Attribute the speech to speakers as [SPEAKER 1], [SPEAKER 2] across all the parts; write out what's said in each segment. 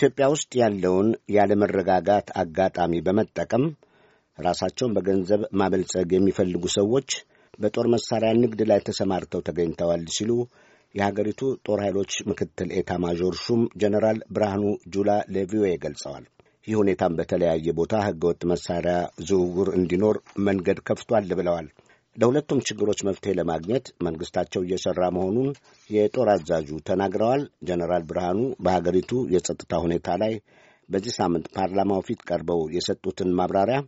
[SPEAKER 1] ኢትዮጵያ ውስጥ ያለውን ያለመረጋጋት አጋጣሚ በመጠቀም ራሳቸውን በገንዘብ ማበልጸግ የሚፈልጉ ሰዎች በጦር መሳሪያ ንግድ ላይ ተሰማርተው ተገኝተዋል ሲሉ የሀገሪቱ ጦር ኃይሎች ምክትል ኤታ ማዦር ሹም ጀነራል ብርሃኑ ጁላ ለቪኦኤ ገልጸዋል። ይህ ሁኔታም በተለያየ ቦታ ህገወጥ መሳሪያ ዝውውር እንዲኖር መንገድ ከፍቷል ብለዋል። ለሁለቱም ችግሮች መፍትሄ ለማግኘት መንግስታቸው እየሰራ መሆኑን የጦር አዛዡ ተናግረዋል። ጀነራል ብርሃኑ በሀገሪቱ የጸጥታ ሁኔታ ላይ በዚህ ሳምንት ፓርላማው ፊት ቀርበው የሰጡትን ማብራሪያ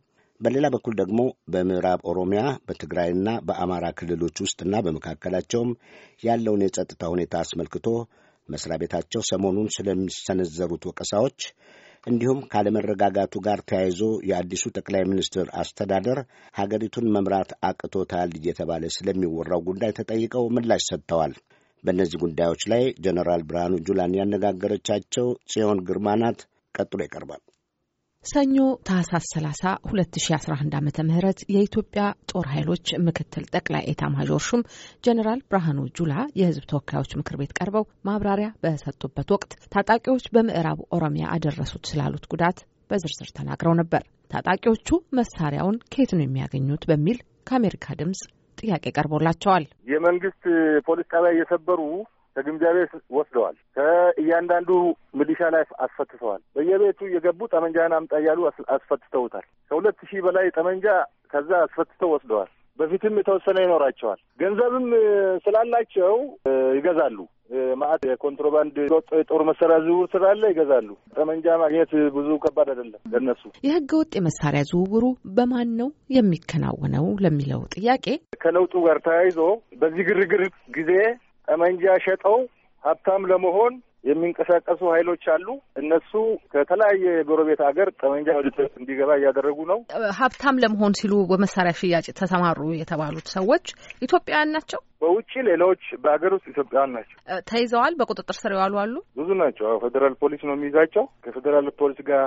[SPEAKER 1] በሌላ በኩል ደግሞ በምዕራብ ኦሮሚያ በትግራይና በአማራ ክልሎች ውስጥና በመካከላቸውም ያለውን የጸጥታ ሁኔታ አስመልክቶ መስሪያ ቤታቸው ሰሞኑን ስለሚሰነዘሩት ወቀሳዎች እንዲሁም ካለመረጋጋቱ ጋር ተያይዞ የአዲሱ ጠቅላይ ሚኒስትር አስተዳደር ሀገሪቱን መምራት አቅቶታል እየተባለ ስለሚወራው ጉዳይ ተጠይቀው ምላሽ ሰጥተዋል። በእነዚህ ጉዳዮች ላይ ጀነራል ብርሃኑ ጁላን ያነጋገረቻቸው ጽዮን ግርማ ናት። ቀጥሎ ይቀርባል።
[SPEAKER 2] ሰኞ ታህሳስ 30 2011 ዓ ም የኢትዮጵያ ጦር ኃይሎች ምክትል ጠቅላይ ኤታ ማዦር ሹም ጀኔራል ብርሃኑ ጁላ የሕዝብ ተወካዮች ምክር ቤት ቀርበው ማብራሪያ በሰጡበት ወቅት ታጣቂዎች በምዕራብ ኦሮሚያ አደረሱት ስላሉት ጉዳት በዝርዝር ተናግረው ነበር። ታጣቂዎቹ መሳሪያውን ከየት ነው የሚያገኙት? በሚል ከአሜሪካ ድምጽ ጥያቄ ቀርቦላቸዋል።
[SPEAKER 3] የመንግስት ፖሊስ ጣቢያ እየሰበሩ ከግምጃ ቤት ወስደዋል። ከእያንዳንዱ ሚሊሻ ላይ አስፈትተዋል። በየቤቱ እየገቡ ጠመንጃህን አምጣ እያሉ አስፈትተውታል። ከሁለት ሺህ በላይ ጠመንጃ ከዛ አስፈትተው ወስደዋል። በፊትም የተወሰነ ይኖራቸዋል። ገንዘብም ስላላቸው ይገዛሉ። ማአት የኮንትሮባንድ የጦር መሳሪያ ዝውውር ስላለ ይገዛሉ። ጠመንጃ ማግኘት ብዙ ከባድ አይደለም ለነሱ።
[SPEAKER 2] የህገ ወጥ የመሳሪያ ዝውውሩ በማን ነው የሚከናወነው ለሚለው
[SPEAKER 3] ጥያቄ ከለውጡ ጋር ተያይዞ በዚህ ግርግር ጊዜ ጠመንጃ ሸጠው ሀብታም ለመሆን የሚንቀሳቀሱ ኃይሎች አሉ። እነሱ ከተለያየ የጎረቤት ሀገር ጠመንጃ ወደ እንዲገባ እያደረጉ ነው።
[SPEAKER 2] ሀብታም ለመሆን ሲሉ በመሳሪያ ሽያጭ ተሰማሩ የተባሉት ሰዎች ኢትዮጵያውያን ናቸው። በውጭ ሌሎች፣
[SPEAKER 3] በሀገር ውስጥ ኢትዮጵያውያን ናቸው።
[SPEAKER 2] ተይዘዋል። በቁጥጥር ስር የዋሉ አሉ።
[SPEAKER 3] ብዙ ናቸው። ፌዴራል ፖሊስ ነው የሚይዛቸው። ከፌዴራል ፖሊስ ጋር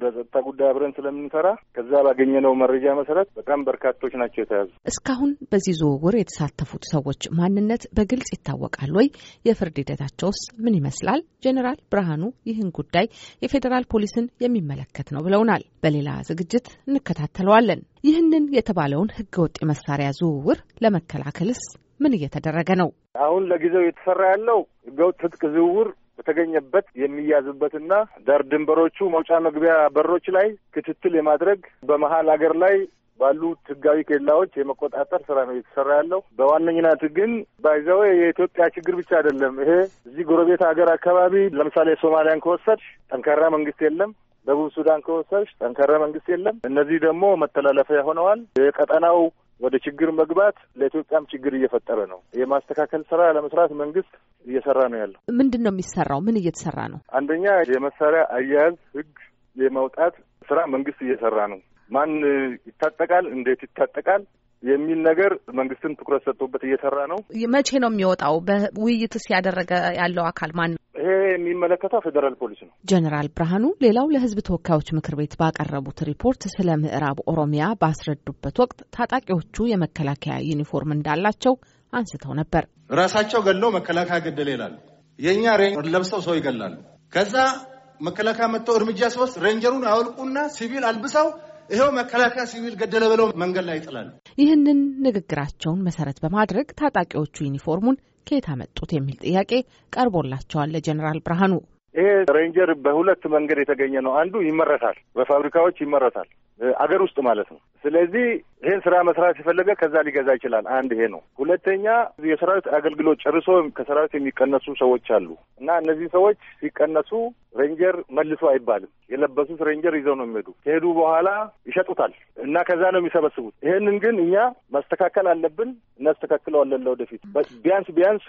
[SPEAKER 3] በጸጥታ ጉዳይ አብረን ስለምንሰራ ከዛ ባገኘነው መረጃ መሰረት በጣም በርካቶች ናቸው የተያዙ።
[SPEAKER 2] እስካሁን በዚህ ዝውውር የተሳተፉት ሰዎች ማንነት በግልጽ ይታወቃል ወይ? የፍርድ ሂደታቸውስ ምን ይመስላል? ጄኔራል ብርሃኑ ይህን ጉዳይ የፌዴራል ፖሊስን የሚመለከት ነው ብለውናል። በሌላ ዝግጅት እንከታተለዋለን። ይህንን የተባለውን ህገወጥ የመሳሪያ ዝውውር ለመከላከልስ ምን እየተደረገ ነው?
[SPEAKER 3] አሁን ለጊዜው እየተሰራ ያለው ህገወጥ ትጥቅ ዝውውር በተገኘበት የሚያዝበትና ዳር ድንበሮቹ መውጫ መግቢያ በሮች ላይ ክትትል የማድረግ በመሀል አገር ላይ ባሉት ህጋዊ ኬላዎች የመቆጣጠር ስራ ነው እየተሰራ ያለው። በዋነኝነት ግን ባይዘዌ የኢትዮጵያ ችግር ብቻ አይደለም። ይሄ እዚህ ጎረቤት ሀገር አካባቢ ለምሳሌ ሶማሊያን ከወሰድሽ ጠንካራ መንግስት የለም። ደቡብ ሱዳን ከወሰድሽ ጠንካራ መንግስት የለም። እነዚህ ደግሞ መተላለፊያ ሆነዋል። የቀጠናው ወደ ችግር መግባት ለኢትዮጵያም ችግር እየፈጠረ ነው። የማስተካከል ስራ ለመስራት መንግስት እየሰራ ነው ያለው።
[SPEAKER 2] ምንድን ነው የሚሰራው? ምን እየተሰራ ነው?
[SPEAKER 3] አንደኛ የመሳሪያ አያያዝ ህግ የማውጣት ስራ መንግስት እየሰራ ነው። ማን ይታጠቃል፣ እንዴት ይታጠቃል የሚል ነገር መንግስትን ትኩረት ሰጥቶበት እየሰራ ነው።
[SPEAKER 2] መቼ ነው የሚወጣው? በውይይትስ ያደረገ ያለው አካል ማን ነው?
[SPEAKER 3] ይሄ የሚመለከተው ፌዴራል ፖሊስ ነው።
[SPEAKER 2] ጀኔራል ብርሃኑ ሌላው ለህዝብ ተወካዮች ምክር ቤት ባቀረቡት ሪፖርት ስለ ምዕራብ ኦሮሚያ ባስረዱበት ወቅት ታጣቂዎቹ የመከላከያ ዩኒፎርም እንዳላቸው አንስተው ነበር።
[SPEAKER 3] ራሳቸው ገለው መከላከያ ገደለ ይላሉ። የእኛ ሬንጀር ለብሰው ሰው ይገላሉ። ከዛ መከላከያ መጥተው እርምጃ ሶስት ሬንጀሩን አውልቁና ሲቪል አልብሰው ይኸው መከላከያ ሲቪል ገደለ ብለው መንገድ ላይ ይጥላሉ።
[SPEAKER 2] ይህንን ንግግራቸውን መሰረት በማድረግ ታጣቂዎቹ ዩኒፎርሙን ከየት አመጡት የሚል ጥያቄ ቀርቦላቸዋል ለጀኔራል ብርሃኑ።
[SPEAKER 3] ይሄ ሬንጀር በሁለት መንገድ የተገኘ ነው። አንዱ ይመረታል፣ በፋብሪካዎች ይመረታል። አገር ውስጥ ማለት ነው። ስለዚህ ይህን ስራ መስራት የፈለገ ከዛ ሊገዛ ይችላል። አንድ ይሄ ነው። ሁለተኛ የሰራዊት አገልግሎት ጨርሶ ከሰራዊት የሚቀነሱ ሰዎች አሉ እና እነዚህ ሰዎች ሲቀነሱ ሬንጀር መልሶ አይባልም። የለበሱት ሬንጀር ይዘው ነው የሚሄዱ። ከሄዱ በኋላ ይሸጡታል እና ከዛ ነው የሚሰበስቡት። ይህንን ግን እኛ ማስተካከል አለብን፣ እናስተካክለዋለን ለወደፊት ቢያንስ ቢያንስ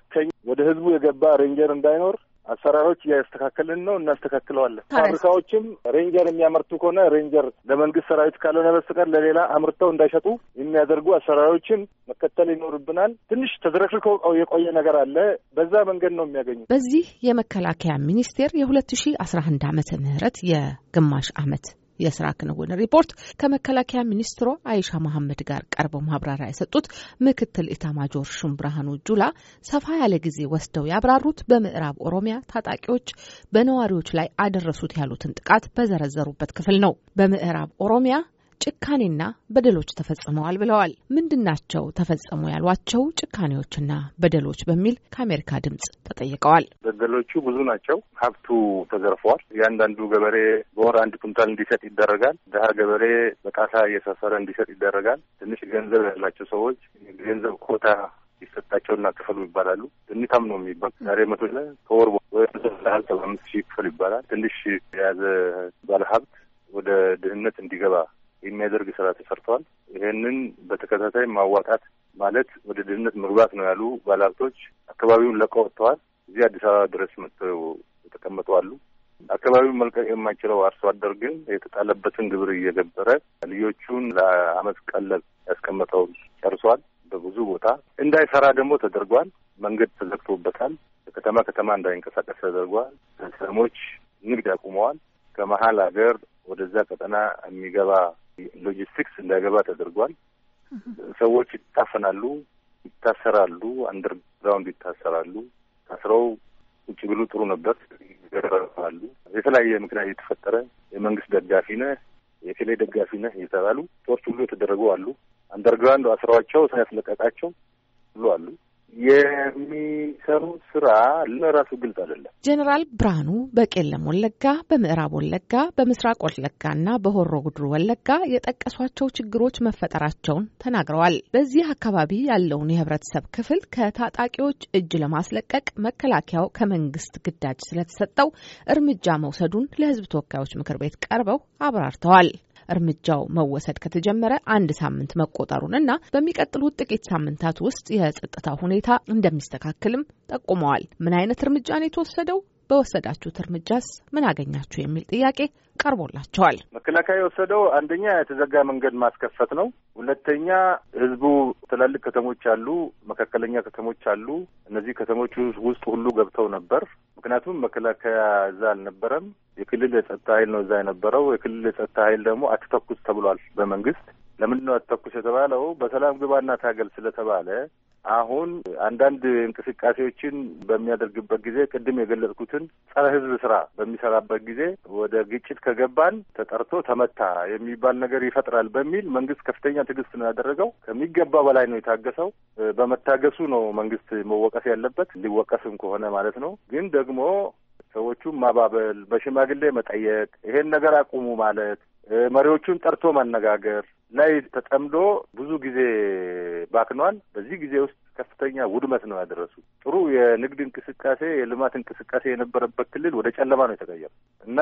[SPEAKER 3] ወደ ህዝቡ የገባ ሬንጀር እንዳይኖር አሰራሮች እያስተካከልን ነው፣ እናስተካክለዋለን። ፋብሪካዎችም ሬንጀር የሚያመርቱ ከሆነ ሬንጀር ለመንግስት ሰራዊት ካልሆነ በስተቀር ለሌላ አምርተው እንዳይሸጡ የሚያደርጉ አሰራሮችን መከተል ይኖርብናል። ትንሽ ተዝረክርከው የቆየ ነገር አለ። በዛ መንገድ ነው የሚያገኙ።
[SPEAKER 2] በዚህ የመከላከያ ሚኒስቴር የ2011 አመተ ምህረት የግማሽ አመት። የስራ ክንውን ሪፖርት ከመከላከያ ሚኒስትሯ አይሻ መሐመድ ጋር ቀርበው ማብራሪያ የሰጡት ምክትል ኢታማጆር ሹም ብርሃኑ ጁላ ሰፋ ያለ ጊዜ ወስደው ያብራሩት በምዕራብ ኦሮሚያ ታጣቂዎች በነዋሪዎች ላይ አደረሱት ያሉትን ጥቃት በዘረዘሩበት ክፍል ነው። በምዕራብ ኦሮሚያ ጭካኔና በደሎች ተፈጽመዋል ብለዋል። ምንድናቸው ተፈጸሙ ያሏቸው ጭካኔዎችና በደሎች በሚል ከአሜሪካ ድምጽ ተጠይቀዋል።
[SPEAKER 3] በደሎቹ ብዙ ናቸው። ሀብቱ ተዘርፈዋል። እያንዳንዱ ገበሬ በወር አንድ ኩንታል እንዲሰጥ ይደረጋል። ድሀ ገበሬ በጣሳ እየሰፈረ እንዲሰጥ ይደረጋል። ትንሽ ገንዘብ ያላቸው ሰዎች ገንዘብ ኮታ ይሰጣቸውና ክፈሉ ይባላሉ። ትንታም ነው የሚባል ዛሬ መቶ ላይ ከወር ወይሰላል ሰባ አምስት ሺህ ክፈሉ ይባላል። ትንሽ የያዘ ባለሀብት ወደ ድህነት እንዲገባ የሚያደርግ ስራ ተሰርተዋል። ይህንን በተከታታይ ማዋጣት ማለት ወደ ድህነት መግባት ነው ያሉ ባለሀብቶች አካባቢውን ለቀው ወጥተዋል። እዚህ አዲስ አበባ ድረስ መጥተው የተቀመጡ አሉ። አካባቢውን መልቀቅ የማይችለው አርሶ አደር ግን የተጣለበትን ግብር እየገበረ ልጆቹን ለአመት ቀለብ ያስቀመጠው ጨርሷል። በብዙ ቦታ እንዳይሰራ ደግሞ ተደርጓል። መንገድ ተዘግቶበታል። ከተማ ከተማ እንዳይንቀሳቀስ ተደርጓል። ከተሞች ንግድ አቁመዋል። ከመሀል ሀገር ወደዛ ቀጠና የሚገባ ሎጂስቲክስ እንዳይገባ ተደርጓል። ሰዎች ይታፈናሉ፣ ይታሰራሉ፣ አንደርግራውንድ ይታሰራሉ። ታስረው ውጭ ብሉ ጥሩ ነበር ይገረሉ። የተለያየ ምክንያት የተፈጠረ የመንግስት ደጋፊ ነህ፣ የክሌ ደጋፊ ነህ የተባሉ ሰዎች ሁሉ የተደረጉ አሉ። አንደርግራውንድ አስረዋቸው ሳያስለቀቃቸው ሁሉ አሉ። የሚሰሩት ስራ ለራሱ ግልጽ አይደለም።
[SPEAKER 2] ጀኔራል ብርሃኑ በቄለም ወለጋ፣ በምዕራብ ወለጋ፣ በምስራቅ ወለጋ እና በሆሮ ጉድሩ ወለጋ የጠቀሷቸው ችግሮች መፈጠራቸውን ተናግረዋል። በዚህ አካባቢ ያለውን የህብረተሰብ ክፍል ከታጣቂዎች እጅ ለማስለቀቅ መከላከያው ከመንግስት ግዳጅ ስለተሰጠው እርምጃ መውሰዱን ለህዝብ ተወካዮች ምክር ቤት ቀርበው አብራርተዋል። እርምጃው መወሰድ ከተጀመረ አንድ ሳምንት መቆጠሩን እና በሚቀጥሉት ጥቂት ሳምንታት ውስጥ የጸጥታ ሁኔታ እንደሚስተካከልም ጠቁመዋል። ምን አይነት እርምጃ ነው የተወሰደው? በወሰዳችሁት እርምጃስ ምን አገኛችሁ የሚል ጥያቄ ቀርቦላቸዋል።
[SPEAKER 3] መከላከያ የወሰደው አንደኛ የተዘጋ መንገድ ማስከፈት ነው። ሁለተኛ ህዝቡ ትላልቅ ከተሞች አሉ፣ መካከለኛ ከተሞች አሉ። እነዚህ ከተሞች ውስጥ ሁሉ ገብተው ነበር። ምክንያቱም መከላከያ እዛ አልነበረም። የክልል የጸጥታ ኃይል ነው እዛ የነበረው። የክልል የጸጥታ ኃይል ደግሞ አትተኩስ ተብሏል በመንግስት። ለምንድን ነው አትተኩስ የተባለው? በሰላም ግባና ታገል ስለተባለ አሁን አንዳንድ እንቅስቃሴዎችን በሚያደርግበት ጊዜ ቅድም የገለጽኩትን ጸረ ሕዝብ ስራ በሚሰራበት ጊዜ ወደ ግጭት ከገባን ተጠርቶ ተመታ የሚባል ነገር ይፈጥራል በሚል መንግስት ከፍተኛ ትዕግስት ነው ያደረገው። ከሚገባ በላይ ነው የታገሰው። በመታገሱ ነው መንግስት መወቀስ ያለበት ሊወቀስም ከሆነ ማለት ነው። ግን ደግሞ ሰዎቹን ማባበል፣ በሽማግሌ መጠየቅ፣ ይሄን ነገር አቁሙ ማለት መሪዎቹን ጠርቶ ማነጋገር ላይ ተጠምዶ ብዙ ጊዜ ባክኗል። በዚህ ጊዜ ውስጥ ከፍተኛ ውድመት ነው ያደረሱ። ጥሩ የንግድ እንቅስቃሴ፣ የልማት እንቅስቃሴ የነበረበት ክልል ወደ ጨለማ ነው የተቀየሩ። እና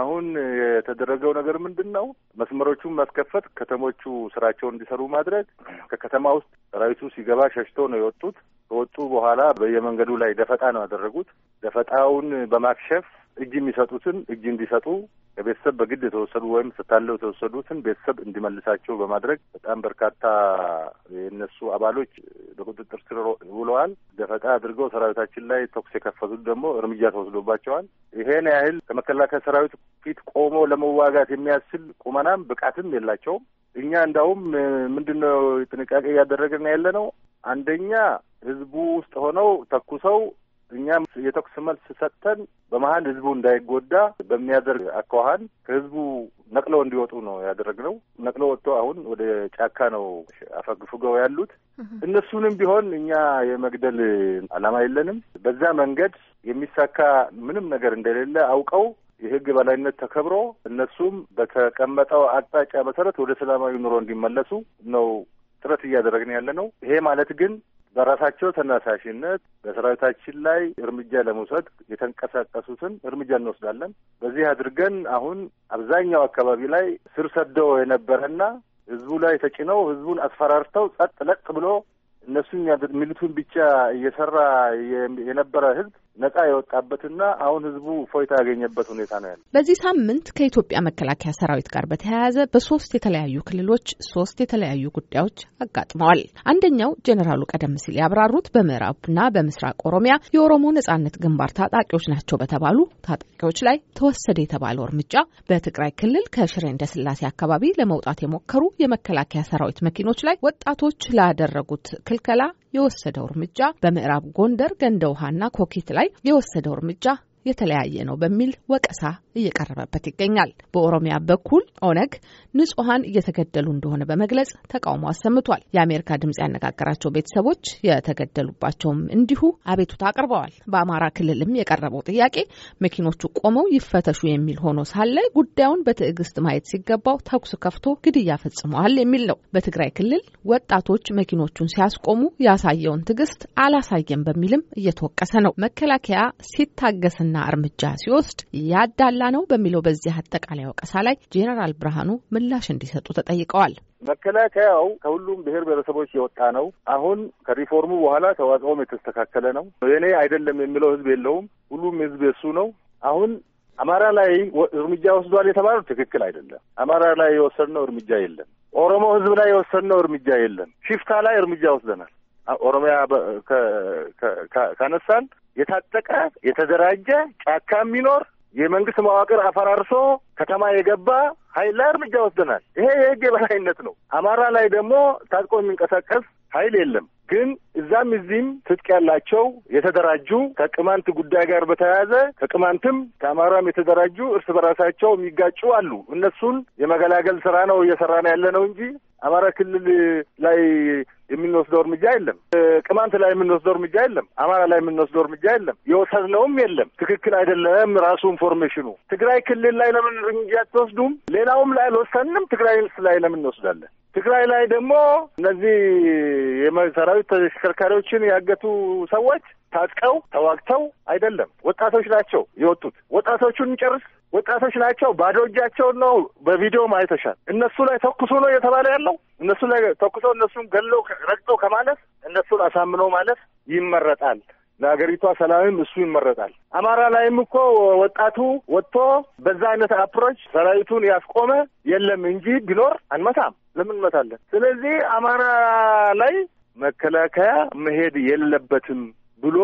[SPEAKER 3] አሁን የተደረገው ነገር ምንድን ነው? መስመሮቹን ማስከፈት፣ ከተሞቹ ስራቸውን እንዲሰሩ ማድረግ። ከከተማ ውስጥ ሰራዊቱ ሲገባ ሸሽቶ ነው የወጡት። ከወጡ በኋላ በየመንገዱ ላይ ደፈጣ ነው ያደረጉት። ደፈጣውን በማክሸፍ እጅ የሚሰጡትን እጅ እንዲሰጡ ከቤተሰብ በግድ የተወሰዱ ወይም ስታለው የተወሰዱትን ቤተሰብ እንዲመልሳቸው በማድረግ በጣም በርካታ የእነሱ አባሎች በቁጥጥር ስር ውለዋል። ደፈጣ አድርገው ሰራዊታችን ላይ ተኩስ የከፈቱት ደግሞ እርምጃ ተወስዶባቸዋል። ይሄን ያህል ከመከላከያ ሰራዊት ፊት ቆሞ ለመዋጋት የሚያስችል ቁመናም ብቃትም የላቸውም። እኛ እንዳውም ምንድን ነው ጥንቃቄ እያደረግን ያለ ነው አንደኛ ህዝቡ ውስጥ ሆነው ተኩሰው እኛም የተኩስ መልስ ሰጥተን በመሀል ህዝቡ እንዳይጎዳ በሚያደርግ አኳኋን ከህዝቡ ነቅለው እንዲወጡ ነው ያደረግነው። ነቅለው ወጥቶ አሁን ወደ ጫካ ነው አፈግፍገው ያሉት። እነሱንም ቢሆን እኛ የመግደል አላማ የለንም። በዛ መንገድ የሚሳካ ምንም ነገር እንደሌለ አውቀው የህግ በላይነት ተከብሮ እነሱም በተቀመጠው አቅጣጫ መሰረት ወደ ሰላማዊ ኑሮ እንዲመለሱ ነው ጥረት እያደረግን ያለ ነው። ይሄ ማለት ግን በራሳቸው ተነሳሽነት በሰራዊታችን ላይ እርምጃ ለመውሰድ የተንቀሳቀሱትን እርምጃ እንወስዳለን። በዚህ አድርገን አሁን አብዛኛው አካባቢ ላይ ስር ሰደው የነበረና ህዝቡ ላይ ተጭነው ህዝቡን አስፈራርተው ጸጥ ለጥ ብሎ እነሱ የሚሉትን ብቻ እየሰራ የነበረ ህዝብ ነጻ የወጣበትና አሁን ህዝቡ ፎይታ ያገኘበት ሁኔታ ነው ያለ።
[SPEAKER 2] በዚህ ሳምንት ከኢትዮጵያ መከላከያ ሰራዊት ጋር በተያያዘ በሶስት የተለያዩ ክልሎች ሶስት የተለያዩ ጉዳዮች አጋጥመዋል። አንደኛው ጄኔራሉ ቀደም ሲል ያብራሩት በምዕራብና በምስራቅ ኦሮሚያ የኦሮሞ ነጻነት ግንባር ታጣቂዎች ናቸው በተባሉ ታጣቂዎች ላይ ተወሰደ የተባለው እርምጃ፣ በትግራይ ክልል ከሽሬ እንደ ስላሴ አካባቢ ለመውጣት የሞከሩ የመከላከያ ሰራዊት መኪኖች ላይ ወጣቶች ላደረጉት ክልከላ የወሰደው እርምጃ በምዕራብ ጎንደር ገንደ ውሃና ኮኬት ላይ የወሰደው እርምጃ የተለያየ ነው በሚል ወቀሳ እየቀረበበት ይገኛል። በኦሮሚያ በኩል ኦነግ ንጹሐን እየተገደሉ እንደሆነ በመግለጽ ተቃውሞ አሰምቷል። የአሜሪካ ድምጽ ያነጋገራቸው ቤተሰቦች የተገደሉባቸውም እንዲሁ አቤቱታ አቅርበዋል። በአማራ ክልልም የቀረበው ጥያቄ መኪኖቹ ቆመው ይፈተሹ የሚል ሆኖ ሳለ ጉዳዩን በትዕግስት ማየት ሲገባው ተኩስ ከፍቶ ግድያ ፈጽመዋል የሚል ነው። በትግራይ ክልል ወጣቶች መኪኖቹን ሲያስቆሙ ያሳየውን ትዕግስት አላሳየም በሚልም እየተወቀሰ ነው። መከላከያ ሲታገስና እርምጃ ሲወስድ ያዳል የተሞላ ነው በሚለው በዚህ አጠቃላይ ወቀሳ ላይ ጄኔራል ብርሃኑ ምላሽ እንዲሰጡ ተጠይቀዋል።
[SPEAKER 3] መከላከያው ከሁሉም ብሔር ብሔረሰቦች የወጣ ነው። አሁን ከሪፎርሙ በኋላ ተዋጽኦም የተስተካከለ ነው። የኔ አይደለም የሚለው ህዝብ የለውም። ሁሉም ህዝብ የሱ ነው። አሁን አማራ ላይ እርምጃ ወስዷል የተባለው ትክክል አይደለም። አማራ ላይ የወሰድነው እርምጃ የለም። ኦሮሞ ህዝብ ላይ የወሰድነው እርምጃ የለም። ሽፍታ ላይ እርምጃ ወስደናል። ኦሮሚያ ካነሳን የታጠቀ የተደራጀ ጫካ የሚኖር የመንግስት መዋቅር አፈራርሶ ከተማ የገባ ኃይል ላይ እርምጃ ወስደናል። ይሄ የህግ የበላይነት ነው። አማራ ላይ ደግሞ ታጥቆ የሚንቀሳቀስ ኃይል የለም። ግን እዛም እዚህም ትጥቅ ያላቸው የተደራጁ ከቅማንት ጉዳይ ጋር በተያያዘ ከቅማንትም ከአማራም የተደራጁ እርስ በራሳቸው የሚጋጩ አሉ። እነሱን የመገላገል ስራ ነው እየሰራ ነው ያለ ነው እንጂ አማራ ክልል ላይ የምንወስደው እርምጃ የለም። ቅማንት ላይ የምንወስደው እርምጃ የለም። አማራ ላይ የምንወስደው እርምጃ የለም። የወሰድነውም የለም። ትክክል አይደለም። ራሱ ኢንፎርሜሽኑ ትግራይ ክልል ላይ ለምን እርምጃ አትወስዱም? ሌላውም ላይ አልወሰንም። ትግራይ ላይ ለምን እንወስዳለን? ትግራይ ላይ ደግሞ እነዚህ የሰራዊት ተሽከርካሪዎችን ያገቱ ሰዎች ታጥቀው ተዋግተው አይደለም፣ ወጣቶች ናቸው የወጡት። ወጣቶቹን ጨርስ ወጣቶች ናቸው። ባዶ እጃቸውን ነው። በቪዲዮ አይተሻል። እነሱ ላይ ተኩሶ ነው እየተባለ ያለው። እነሱ ላይ ተኩሶ እነሱን ገሎ ረግጦ ከማለፍ እነሱን አሳምኖ ማለፍ ይመረጣል። ለሀገሪቷ ሰላምም እሱ ይመረጣል። አማራ ላይም እኮ ወጣቱ ወጥቶ በዛ አይነት አፕሮች ሰራዊቱን ያስቆመ የለም እንጂ ቢኖር አንመታም። ለምን እንመታለን? ስለዚህ አማራ ላይ መከላከያ መሄድ የለበትም ብሎ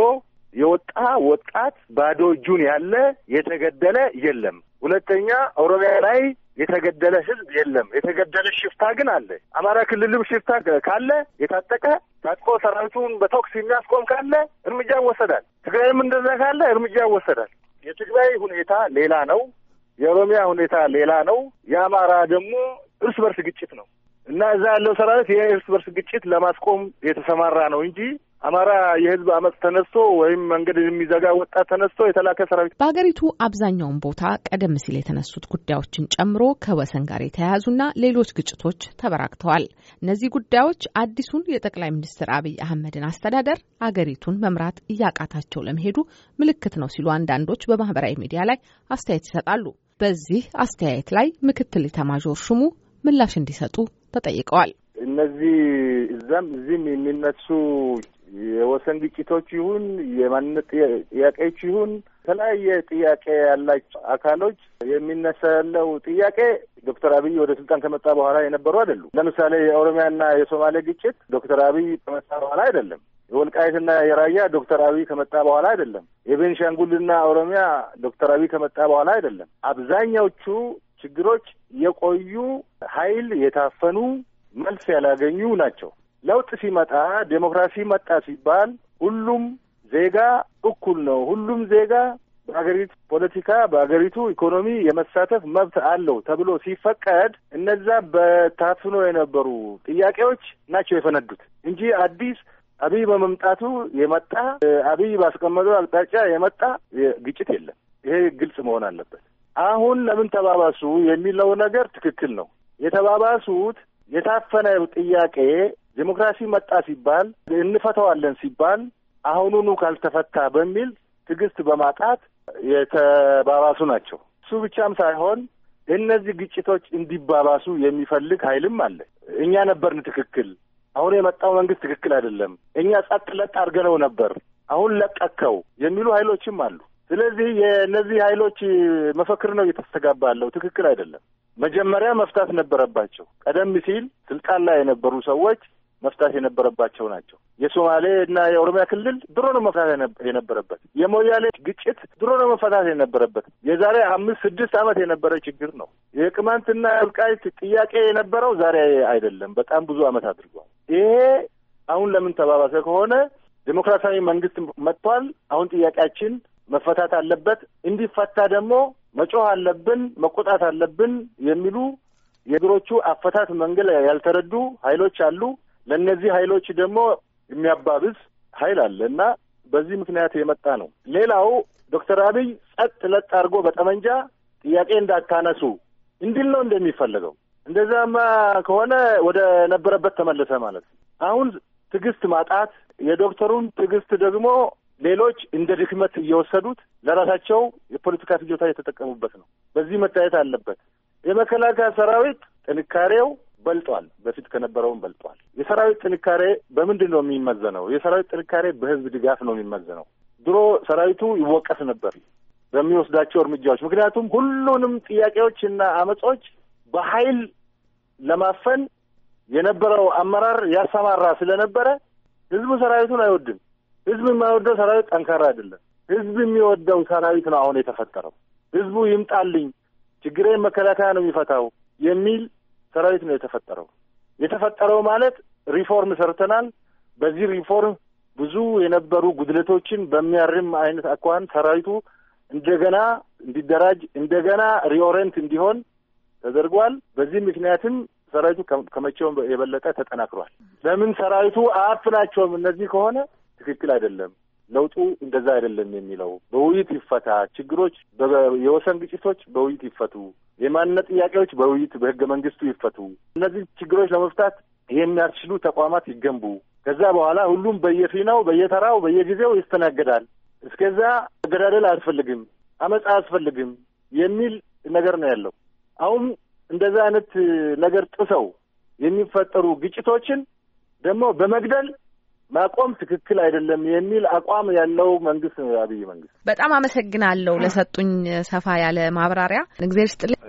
[SPEAKER 3] የወጣ ወጣት ባዶ እጁን ያለ የተገደለ የለም። ሁለተኛ ኦሮሚያ ላይ የተገደለ ህዝብ የለም። የተገደለ ሽፍታ ግን አለ። አማራ ክልልም ሽፍታ ካለ የታጠቀ ታጥቆ ሰራዊቱን በተኩስ የሚያስቆም ካለ እርምጃ ይወሰዳል። ትግራይም እንደዛ ካለ እርምጃ ይወሰዳል። የትግራይ ሁኔታ ሌላ ነው። የኦሮሚያ ሁኔታ ሌላ ነው። የአማራ ደግሞ እርስ በርስ ግጭት ነው እና እዛ ያለው ሰራዊት የእርስ በርስ ግጭት ለማስቆም የተሰማራ ነው እንጂ አማራ የህዝብ አመፅ ተነስቶ ወይም መንገድ የሚዘጋ ወጣት ተነስቶ የተላከ ሰራዊት
[SPEAKER 2] በሀገሪቱ አብዛኛውን ቦታ ቀደም ሲል የተነሱት ጉዳዮችን ጨምሮ ከወሰን ጋር የተያያዙና ሌሎች ግጭቶች ተበራክተዋል። እነዚህ ጉዳዮች አዲሱን የጠቅላይ ሚኒስትር አብይ አህመድን አስተዳደር አገሪቱን መምራት እያቃታቸው ለመሄዱ ምልክት ነው ሲሉ አንዳንዶች በማህበራዊ ሚዲያ ላይ አስተያየት ይሰጣሉ። በዚህ አስተያየት ላይ ምክትል ኢታማዦር ሹሙ ምላሽ እንዲሰጡ ተጠይቀዋል።
[SPEAKER 3] እነዚህ እዛም እዚህም የሚነሱ የወሰን ግጭቶች ይሁን የማንነት ጥያቄዎች ይሁን የተለያየ ጥያቄ ያላቸው አካሎች የሚነሳ ያለው ጥያቄ ዶክተር አብይ ወደ ስልጣን ከመጣ በኋላ የነበሩ አይደሉም። ለምሳሌ የኦሮሚያና የሶማሌ ግጭት ዶክተር አብይ ከመጣ በኋላ አይደለም። የወልቃየትና የራያ ዶክተር አብይ ከመጣ በኋላ አይደለም። የቤንሻንጉልና ኦሮሚያ ዶክተር አብይ ከመጣ በኋላ አይደለም። አብዛኛዎቹ ችግሮች የቆዩ ኃይል የታፈኑ መልስ ያላገኙ ናቸው። ለውጥ ሲመጣ ዴሞክራሲ መጣ ሲባል ሁሉም ዜጋ እኩል ነው። ሁሉም ዜጋ በሀገሪቱ ፖለቲካ በሀገሪቱ ኢኮኖሚ የመሳተፍ መብት አለው ተብሎ ሲፈቀድ እነዛ በታፍኖ የነበሩ ጥያቄዎች ናቸው የፈነዱት እንጂ አዲስ አብይ በመምጣቱ የመጣ አብይ ባስቀመጠው አቅጣጫ የመጣ ግጭት የለም። ይሄ ግልጽ መሆን አለበት። አሁን ለምን ተባባሱ የሚለው ነገር ትክክል ነው። የተባባሱት የታፈነው ጥያቄ ዴሞክራሲ መጣ ሲባል እንፈተዋለን ሲባል አሁኑኑ ካልተፈታ በሚል ትዕግስት በማጣት የተባባሱ ናቸው። እሱ ብቻም ሳይሆን እነዚህ ግጭቶች እንዲባባሱ የሚፈልግ ኃይልም አለ። እኛ ነበርን ትክክል፣ አሁን የመጣው መንግስት ትክክል አይደለም፣ እኛ ጸጥ ለጥ አድርገነው ነበር፣ አሁን ለቀከው የሚሉ ኃይሎችም አሉ። ስለዚህ የእነዚህ ኃይሎች መፈክር ነው እየተስተጋባ ትክክል አይደለም። መጀመሪያ መፍታት ነበረባቸው። ቀደም ሲል ስልጣን ላይ የነበሩ ሰዎች መፍታት የነበረባቸው ናቸው። የሶማሌ እና የኦሮሚያ ክልል ድሮ ነው መፍታት የነበረበት። የሞያሌ ግጭት ድሮ ነው መፈታት የነበረበት። የዛሬ አምስት ስድስት ዓመት የነበረ ችግር ነው። የቅማንትና ወልቃይት ጥያቄ የነበረው ዛሬ አይደለም፣ በጣም ብዙ ዓመት አድርጓል። ይሄ አሁን ለምን ተባባሰ ከሆነ ዴሞክራሲያዊ መንግስት መጥቷል። አሁን ጥያቄያችን መፈታት አለበት። እንዲፈታ ደግሞ መጮህ አለብን፣ መቆጣት አለብን የሚሉ የእግሮቹ አፈታት መንገድ ያልተረዱ ኃይሎች አሉ። ለእነዚህ ኃይሎች ደግሞ የሚያባብስ ኃይል አለ እና በዚህ ምክንያት የመጣ ነው። ሌላው ዶክተር አብይ ጸጥ ለጥ አድርጎ በጠመንጃ ጥያቄ እንዳታነሱ እንዲል ነው እንደሚፈልገው። እንደዛማ ከሆነ ወደ ነበረበት ተመለሰ ማለት ነው። አሁን ትዕግስት ማጣት የዶክተሩን ትዕግስት ደግሞ ሌሎች እንደ ድክመት እየወሰዱት ለራሳቸው የፖለቲካ ፍጆታ የተጠቀሙበት ነው። በዚህ መታየት አለበት። የመከላከያ ሰራዊት ጥንካሬው በልጧል። በፊት ከነበረውም በልጧል። የሰራዊት ጥንካሬ በምንድን ነው የሚመዘነው? የሰራዊት ጥንካሬ በህዝብ ድጋፍ ነው የሚመዘነው። ድሮ ሰራዊቱ ይወቀስ ነበር በሚወስዳቸው እርምጃዎች። ምክንያቱም ሁሉንም ጥያቄዎች እና አመጾች በኃይል ለማፈን የነበረው አመራር ያሰማራ ስለነበረ ህዝቡ ሰራዊቱን አይወድም። ህዝብ የማይወደው ሰራዊት ጠንካራ አይደለም። ህዝብ የሚወደው ሰራዊት ነው አሁን የተፈጠረው። ህዝቡ ይምጣልኝ፣ ችግሬን መከላከያ ነው የሚፈታው የሚል ሰራዊት ነው የተፈጠረው። የተፈጠረው ማለት ሪፎርም ሰርተናል። በዚህ ሪፎርም ብዙ የነበሩ ጉድለቶችን በሚያርም አይነት አኳን ሰራዊቱ እንደገና እንዲደራጅ እንደገና ሪኦሬንት እንዲሆን ተደርጓል። በዚህ ምክንያትም ሰራዊቱ ከመቼውም የበለጠ ተጠናክሯል። ለምን ሰራዊቱ አያፍናቸውም? እነዚህ ከሆነ ትክክል አይደለም። ለውጡ እንደዛ አይደለም የሚለው በውይይት ይፈታ፣ ችግሮች የወሰን ግጭቶች በውይይት ይፈቱ የማንነት ጥያቄዎች በውይይት በህገ መንግስቱ ይፈቱ። እነዚህ ችግሮች ለመፍታት የሚያስችሉ ተቋማት ይገንቡ። ከዛ በኋላ ሁሉም በየፊናው በየተራው በየጊዜው ይስተናገዳል። እስከዛ መገዳደል አያስፈልግም፣ አመፃ አያስፈልግም የሚል ነገር ነው ያለው። አሁን እንደዛ አይነት ነገር ጥሰው የሚፈጠሩ ግጭቶችን ደግሞ በመግደል ማቆም ትክክል አይደለም የሚል አቋም ያለው መንግስት ነው የአብይ መንግስት።
[SPEAKER 2] በጣም አመሰግናለሁ ለሰጡኝ ሰፋ ያለ ማብራሪያ። እግዚአብሔር ይስጥልኝ።